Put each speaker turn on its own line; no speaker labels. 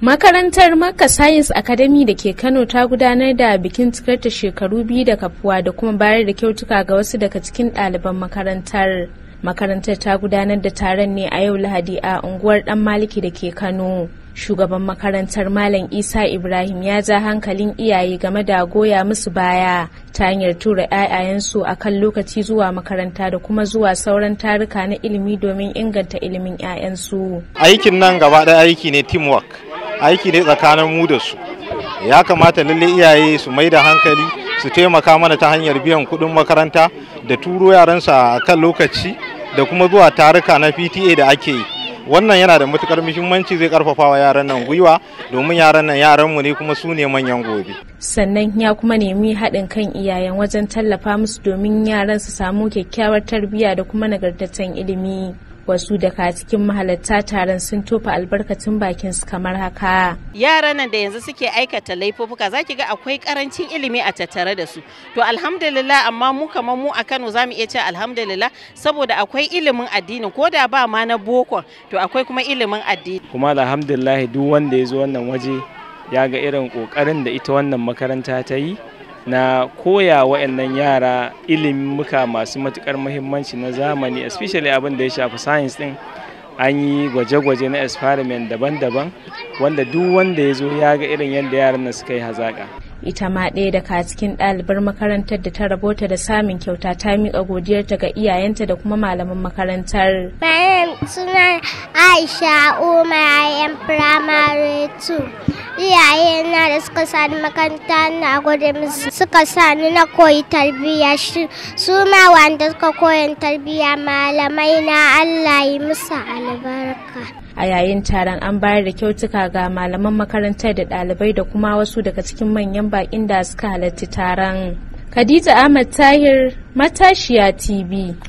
Makarantar Makka Science Academy da ke Kano ta gudanar da bikin cikarta shekaru biyu da kafuwa da kuma bayar da kyautuka ga wasu daga cikin ɗaliban makarantar. Makarantar ta gudanar da taron ne a yau Lahadi a unguwar Dan Maliki da ke Kano. Shugaban makarantar Malam Isa Ibrahim ya ja hankalin iyaye game da goya musu baya ta hanyar tura 'ya'yayensu a kan lokaci zuwa makaranta da kuma zuwa sauran taruka na ilimi domin inganta ilimin 'ya'yansu.
Aikin nan gaba ɗaya aiki ne teamwork. aiki ne tsakanin mu da su ya kamata lalle iyaye su mai da hankali su taimaka mana ta hanyar biyan kudin makaranta da turo yaransa kan lokaci da kuma zuwa taruka na pta da ake yi wannan yana da matukar muhimmanci zai karfafa wa yaran nan gwiwa domin yaran nan yaran mu ne kuma su ne manyan gobe
sannan ya kuma nemi haɗin kan iyayen wajen tallafa musu domin yaran su samu kyakkyawar tarbiyya da kuma nagartaccen ilimi wasu daga cikin mahalarta taron sun tofa albarkacin bakin su kamar haka
yaran nan da yanzu suke aikata laifuka zaki ga akwai karancin ilimi a tattare da su to alhamdulillah amma mu kamar mu a Kano zamu iya cewa alhamdulillah saboda akwai ilimin addini ko da ba ma na boko to akwai kuma ilimin addini
kuma alhamdulillah duk wanda ya zo wannan waje ya ga irin kokarin da ita wannan makaranta ta yi na koya wa'annan yara muka masu matukar muhimmanci na zamani especially abin da ya shafi science din an yi gwaje-gwaje na experiment daban-daban wanda duk wanda ya zo ya ga irin yadda yaran nan suka yi hazaƙa.
ita ma ɗaya daga cikin ɗalibar makarantar da ta rabota da samun kyauta ta miƙa godiyarta ga iyayenta da kuma malaman makarantar.
Bayan suna Aisha Umar Primary 2. iyaye na da suka sani makaranta na gode musu suka sani na koyi tarbiyya su ma wanda suka koyan tarbiyya malamai na Allah yi musu albarka
a yayin taron an bayar da kyautuka ga malaman makarantar da ɗalibai da kuma wasu daga cikin manyan waƙin da suka halarci taron. Khadija Ahmad Tahir matashiya TV.